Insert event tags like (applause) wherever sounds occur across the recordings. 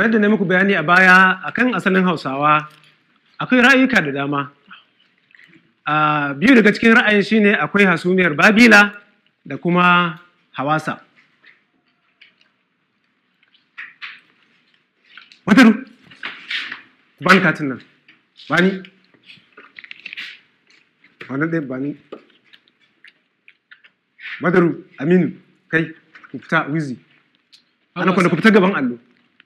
kamar yadda na muku bayani a baya akan asalin hausawa akwai ra'ayuka da dama a biyu daga cikin ra'ayin shine akwai hasumiyar babila da kuma hawasa wataru ban katin nan bani wani ɗaya bani wataru aminu kai ku fita wizi ana kwanda ku fita gaban allo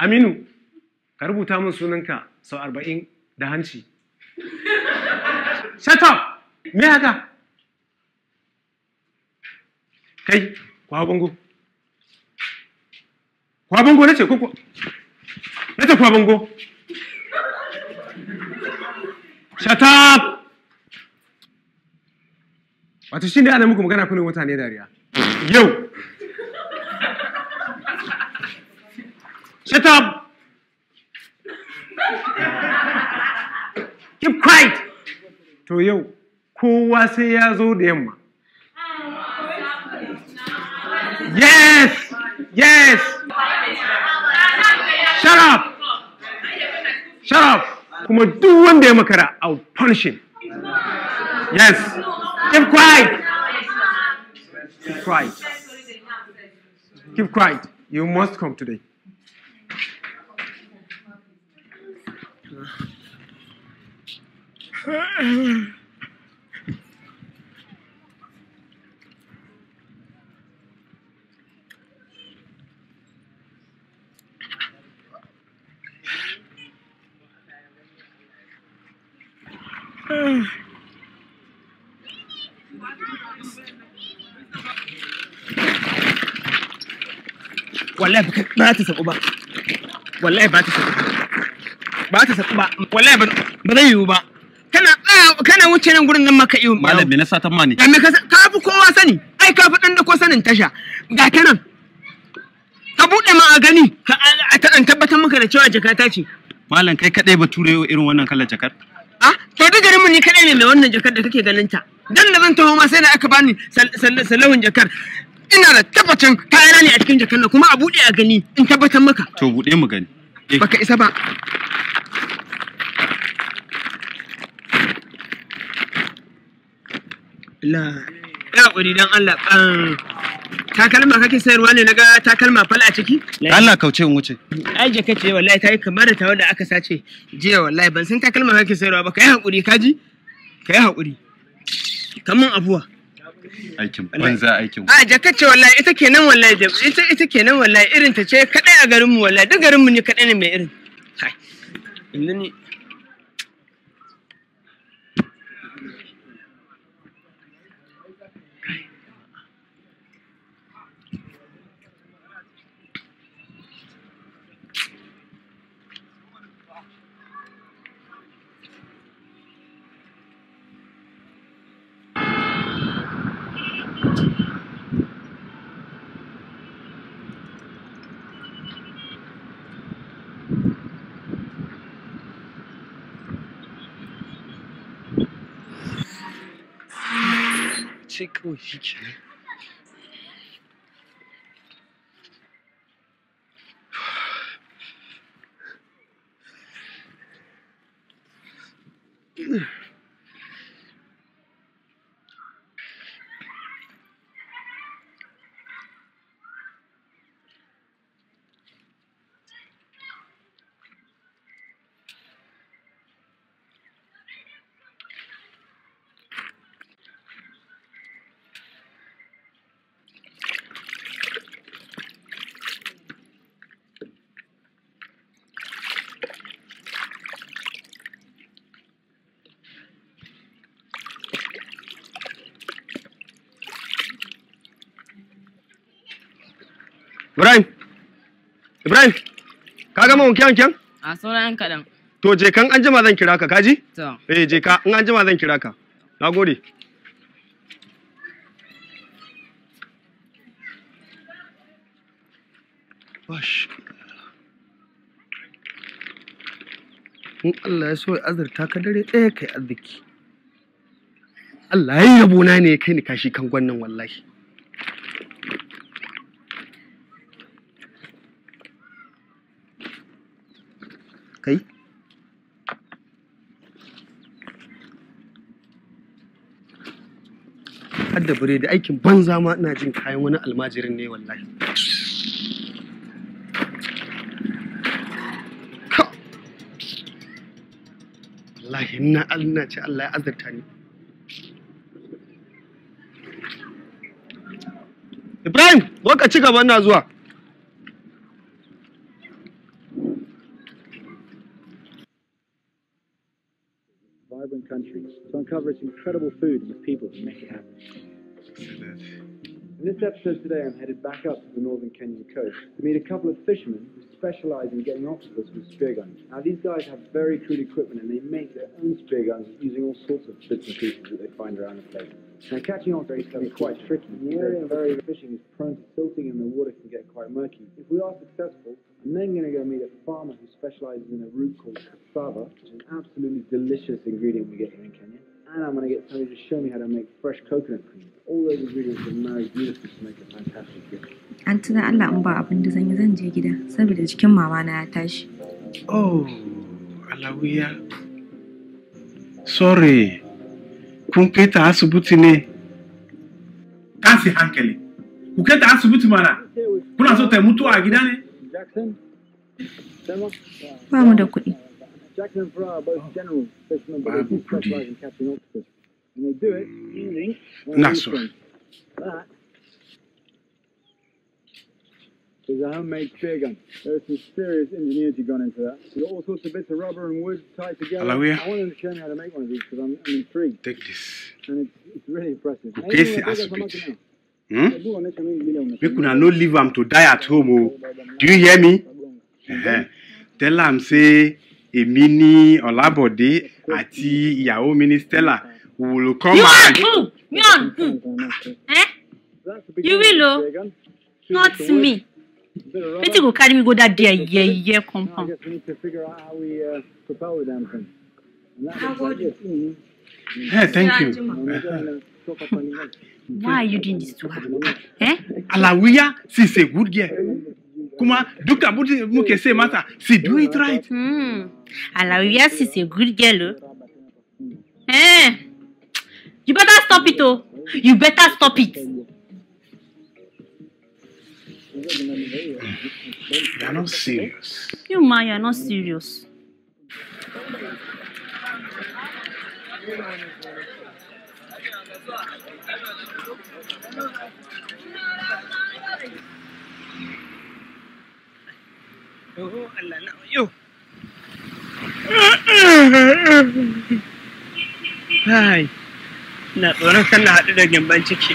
aminu ka rubuta min sunanka sau arba'in da hanci shut up me haka kai kwa bango kwa bango nace kuku. kwa nace kwa bango shut up wato shine ana muku magana kuna wata ne dariya yau Shut up! Keep quiet! To you, who was ya zo da yamma. Yes! Yes! Shut up! Shut up! Kuma duk wanda ya makara, I'll punish him. Yes! Keep quiet! Keep quiet. Keep quiet. You must come today. والله بك ما تسبوا والله ما تسبوا ما تسبوا والله بنيوا بقى kana wuce nan gurin nan maka iyo malam me na satan ma ne eh, me ka ka bu kowa sani ai ka fi dan da ko sanin tasha ga ta nan ka bude ma a gani a tabbatar maka da cewa jakata ce malam kai kadai ba ture irin wannan kallon jakar ah to da garin mu ni kadai ne mai wannan jakar da kake ganin ta dan da zan taho ma sai da aka bani salahun jakar ina da tabbacin kayana ne a cikin jakar kuma a bude a gani in tabbatar maka to bude mu gani eh. baka isa ba Allah. ya hakuri dan Allah takalma kake sayarwa ne naga takalma fal a ciki Allah kauce in wuce ai je kace wallahi tayi kamar da tawar aka sace jiya wallahi ban san takalma kake sayarwa ba kai hakuri kaji kai hakuri kaman abuwa aikin banza aikin a jaka ce wallahi ita kenan wallahi ita ita kenan wallahi irin ta ce kadai a garin mu wallahi duk garin mu ne kadai ne mai irin przykusić. gama wanke wanken? A sauran yan kaɗan. To je kan an jima zan kira ka kaji? To. Eh je ka in an jima zan kira ka. Na gode. Bash. In Allah ya so ya azurta ka dare ɗaya kai arziki. Allah ya yi rabona ne ya kai ni kashi kan gwannan wallahi. Vibrant da aikin banza ma ina jin kayan wani almajirin ne wallahi wallahi ina ce Allah ya azurta ni Ibrahim gaba zuwa countries to uncover its incredible food and the people who make it happen. In this episode today, I'm headed back up to the northern Kenyan coast to meet a couple of fishermen who specialize in getting octopus with spear guns. Now, these guys have very crude equipment and they make their own spear guns using all sorts of bits and pieces that they find around the place. Now, catching octopus can be quite tricky. The area of area fishing is prone to silting and the water can get quite murky. If we are successful, I'm then going to go meet a farmer who specializes in a root called cassava, which is an absolutely delicious ingredient we get here in Kenya. and I'm going to get somebody to show me how to make fresh coconut cream. All those ingredients are marry beautifully to make a fantastic gift. An tuna Allah in ba abin da zan yi zan je gida saboda jikin mama na ya tashi. Oh, Alawiya. Sorry. Kun kai ta asibiti ne. Tashi hankali. Ku kai ta asibiti mana. Kuna so ta mutu a gida ne? Jackson. Ba mu da kuɗi. Jackson and Ferrara are both oh. fishermen, but they do specialise in catching octopus. And they do it using Nassau. That is a homemade spear gun. There is some serious engineering gone into that. You've got all sorts of bits of rubber and wood tied together. Hello, yeah. I wanted to show you how to make one of these because I'm, I'm, intrigued. Take this. And it's, it's really impressive. Okay, see, as a Make leave them to die at home. Oh. Do you hear me? Uh -huh. Tell am say èmi ní ọ̀làbọ̀dé àti ìyàwó mi ní Stella we will come you and. you are good you are ah, eh? you will o oh. not me wetin go carry me go uh, that there yeye compound. Yeah, thank you. Uh, Why are you doing this to her? Eh? Alawiya, she's a good girl kuma duk abu muke sai mata si do it right mm. alawias is a good girl o oh. eh you better stop it o oh. you better stop it. You are not serious. You man, you are not serious. Yo, Allah na yo. Hai. Ina tsoron kan na haɗu da gyamban ciki.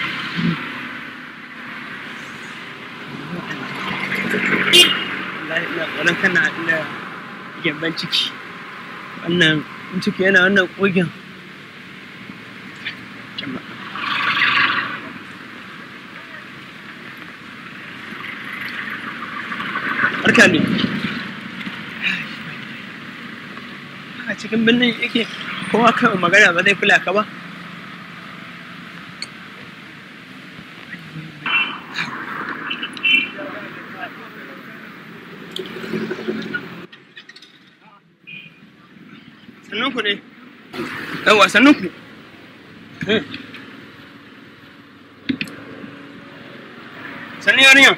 Ina tsoron kan na haɗu da gyamban ciki. Wannan ciki yana wannan ƙogin. cikin birnin yake kowa kan magana ba zai kula ka ba sannan ku ne yawa sannan ku eh. sannan yarinya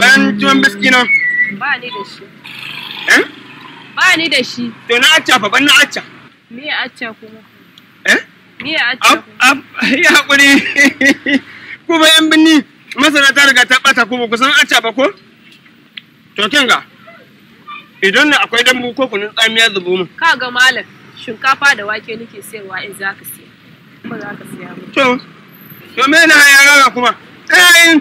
bayan tuwon biski ba ni da shi ni da shi. To na acca fa na acca. Me ya acca kuma? Eh? Me ya acca? Ab (laughs) ya hakuri. (laughs) Kuma yan binni masana ta riga ta bata kuma kusan acca ba ko? To kin ga. Idan na akwai dambu ko kunun tsamiya zubo mu. Ka ga malam shinkafa da wake nake sayarwa in za ka siya. Ba za ka siya ba. To. To me na ya raga kuma? Eh.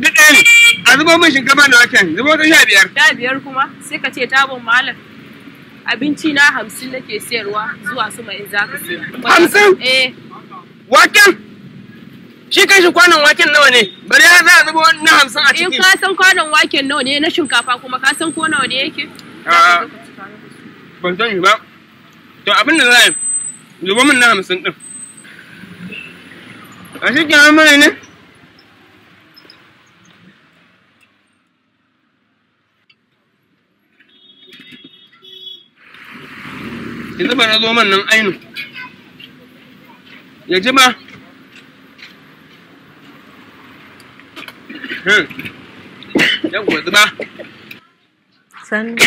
Duk ɗaya ne. a zubo min shinkafa na watan zubo ta sha biyar sha biyar kuma sai ka ce tabon malam abinci na hamsin nake sayarwa zuwa su in za ka siya hamsin eh waken shi kan shi kwanon waken nawa ne bari ya za a zubo na hamsin a eh, ciki in ka san kwanon waken nawa ne na shinkafa kuma ka san ko nawa ne yake ah, ban sani ba to abin da za a yi zubo min na hamsin din a shi kenan mana ne yanzu ba na zo man nan ainu ya ji hmm. ba (coughs) ya gwadu ba san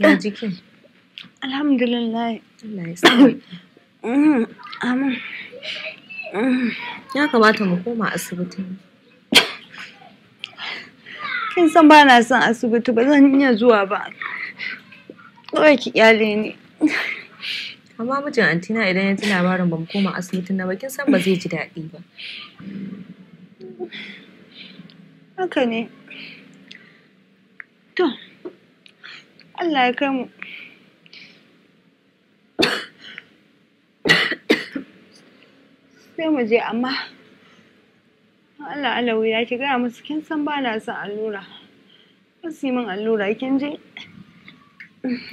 ya jikin alhamdulillah Allah ya (coughs) mm-hmm. amin mm-hmm. ya kamata mu koma asibiti kin san ba na son asibiti ba zan iya zuwa ba Kawai ki kyale ni. Amma mijin antina idan ya ji labarin ba mu koma asibitin na ba kin san ba zai ji daɗi ba. Haka ne. To, Allah ya kai mu. Sai mu je amma Allah Allah ya ki gaya musu kin san ba na son allura. yi min allura kin je.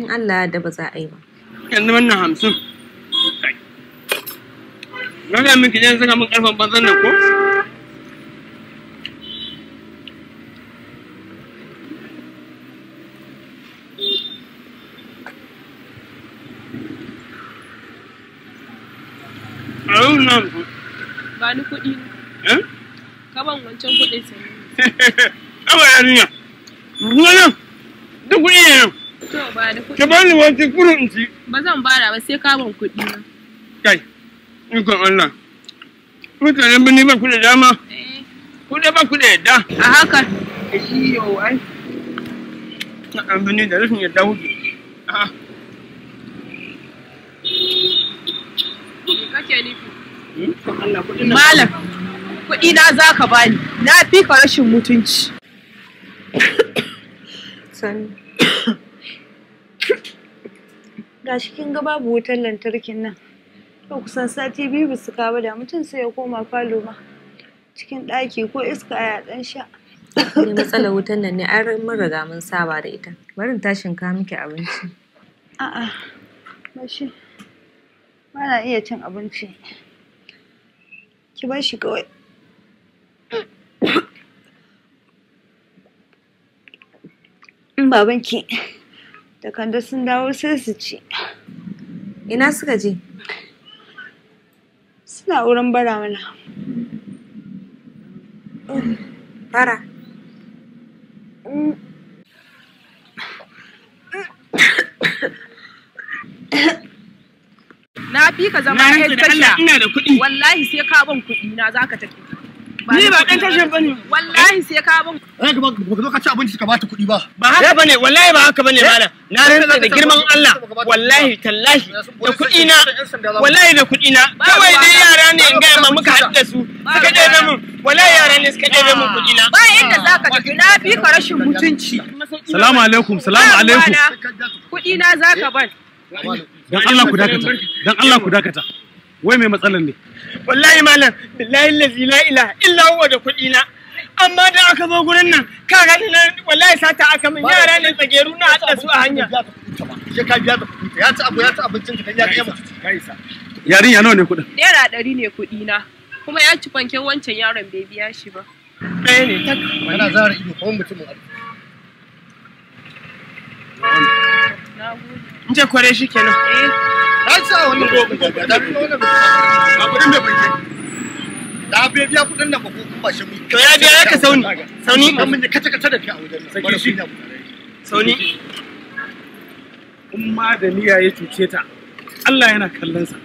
Allah da ba za a yi ba yanzu wannan hamsin na ga miki ne saka min karfan banzan nan ko Ba ni kuɗi. Eh? Kaban wancan kuɗin sanyi. (laughs) Kaba yarinya. bani wancan kurin in ci. Ba zan bara ba sai kaban kuɗi na. Kai, ikon Allah. Mutanen birni ba ku da dama. Eh. Ku ba ku da yadda. A haka. Da eh, shi yau ai. Mutanen birni da rashin yadda kuke. Me kake nufi? Hmm? Malam, kuɗi na za ka bani, na fi ka rashin mutunci. (coughs) Sani. gashi kin ga babu wutar lantarkin nan to kusan sati biyu bisu su kawo da mutum sai ya koma falo ma cikin ɗaki ko iska ya ɗan sha ne matsalar wutar nan ne an mun riga mun saba da ita barin tashin ka miki abinci a'a mashi ba na iya cin abinci ki bar shi kawai in babanki da kando sun dawo sai su ci ina suka je suna wurin bara mana bara na fi ka zama na ina da kuɗi wallahi sai ka ban kuɗi na zaka tafi Ni ba ɗan tashin bane. Wallahi sai ka bin. ba ka zo ci abinci ka bata kuɗi ba. Ba haka eh? bane wallahi ba haka bane eh? malam. Na rantsa da girman Allah wallahi tallahi da kuɗi na wallahi da kuɗi na kawai dai yara ne in ga ma muka haɗu su suka ɗebe mun wallahi yara ne suka ɗebe mun kuɗi na. Ba yadda za ka tafi na fi ka rashin mutunci. Salamu alaikum salamu alaikum. Kuɗi na za ka ban. Dan Allah ku dakata dan Allah ku dakata. wai mai matsalar ne wallahi malam billahi lazi la ilaha illa huwa da kuɗi na amma da aka zo gurin nan ka gani na wallahi sata aka min yara ne tsageru na haɗa su a hanya ya ka biya ta ya ci abu ya ci abincin ka ya kai ya isa ya nawa ne kuɗin naira ɗari ne kuɗi na kuma ya ci fanken wancan yaron bai biya shi ba ɗaya ne tak yana zara ido kawai mutumin arziki na gode in ce kware shi kenan eh, da to ya biya ya da kai a da niyya ya cuce ta Allah yana kallon sa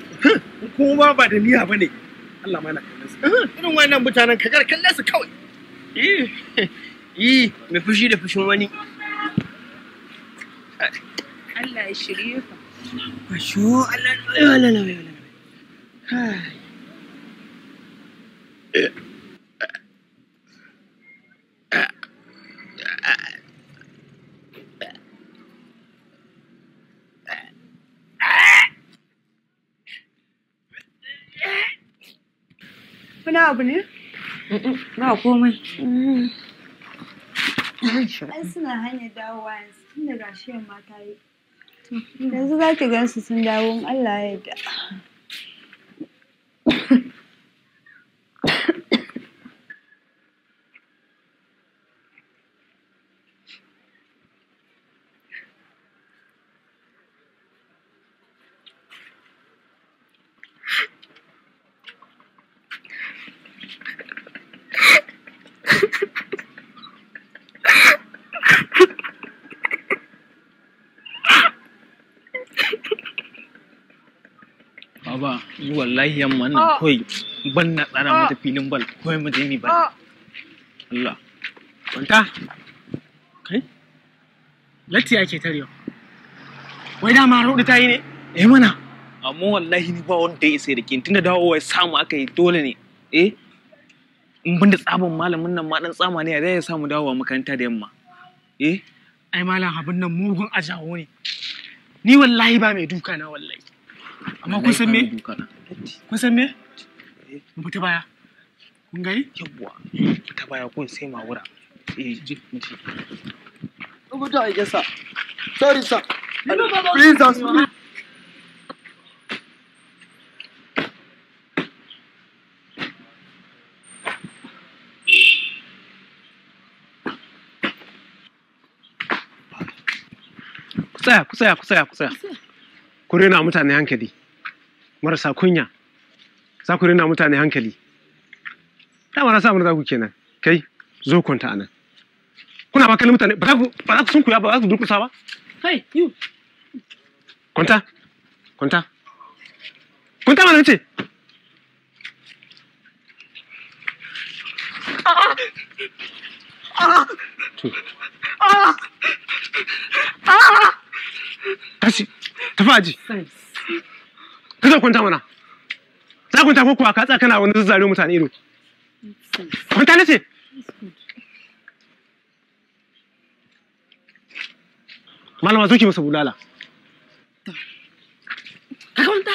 kuma ba da niyya bane Allah ma yana kallon sa uhuh. irin mutanen kagar kallon su kawai eh eh (laughs) mai fushi da fushin wani النساء الشريفة شو لا لا لا لا Wani abu ne? Ba komai. Ai suna hanyar dawowa yanzu tun da gashi yamma ta yi yanzu za ki gan su sun dawo Allah ya yarda wallahi yamma nan ah. kawai ban na tsara mata ah. filin bal kawai mu je mi ba. Ah. Allah kwanta kai latti ake tarewa wai da rudu ta yi ne eh mana amma wallahi ni ba wanda ya sai da kin tunda dawo wai samu aka yi dole ne eh in bin da tsabon malamin nan ma dan tsama ne ya samu dawowa makaranta da yamma eh ai malam abin nan mugun ajawo ne ni wallahi ba mai duka na wallahi amma kun san me kun san me eh. mu fita baya kun gani yawwa fita baya kun sai ma wura eh ji ji ku da ai sa sorry sir please ask ku tsaya ku tsaya ku rena mutane hankali marasa kunya za ku rena mutane hankali da na samun za ku kenan kai zo kunta anan kuna ba kallon mutane ba za ku sun ba za ku durkusa ba kai yu kunta kunta kunta mana ce ah, ah. ah, Tashi. tafaji aji ka zo kwanta mana za kwanta ko kuwa ka tsaya kana wani zazzare mutane ido kwanta na ce malama zo ki masa bulala ka kwanta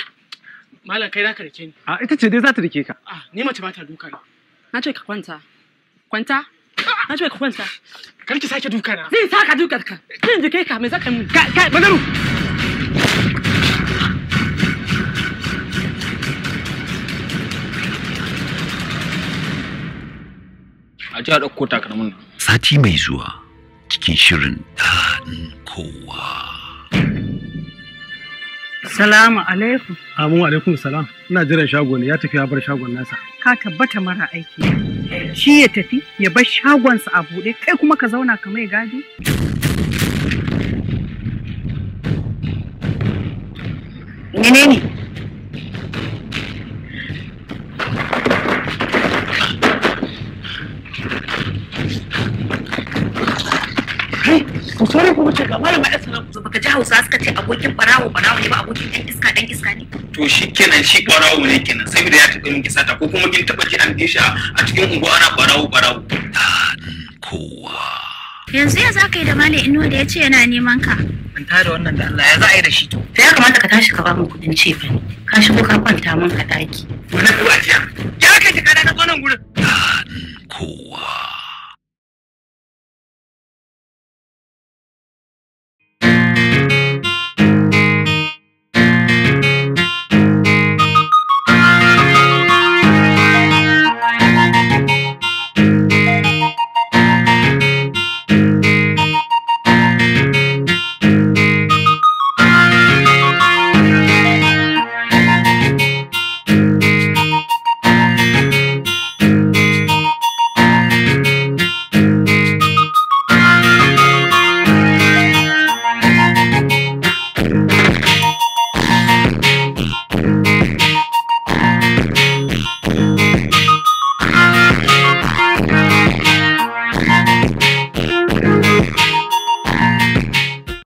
malam kai zaka rike ni a ita ce dai za ta rike ka a ni mace ba ta duka na na ce ka kwanta kwanta na ce ka kwanta kar ki sake duka na zai saka duka ka zan jike ka mai zaka Ka, ka, madaru a ji a ɗauko takalmin nan. Sati mai zuwa cikin shirin daɗin kowa. Salamu alaikum. Amin alaikum salam. Ina jiran shago ne ya tafi ya bar shagon nasa. Ka tabbata mara aiki. Shi ya tafi ya bar shagonsa a buɗe kai kuma ka zauna ka mai gadi. Menene? Ko ku wuce ga malam ma'aikata salam ku baka ji Hausa suka ce abokin barawo barawo ne ba abokin ɗan iska ɗan iska ne to shi kenan shi barawo ne kenan saboda ya taɓa miki kisata ko kuma kin taɓa ji an bi a cikin unguwa ana barawo barawo kowa yanzu ya za ka yi da malam Inuwa da ya ce yana neman ka manta da wannan da Allah ya za a yi da shi to ya kamata ka tashi ka ba mu kuɗin cefa ka shigo ka kwanta min ka daki wani kuwa ya kai ka kana ka zo nan gurin kowa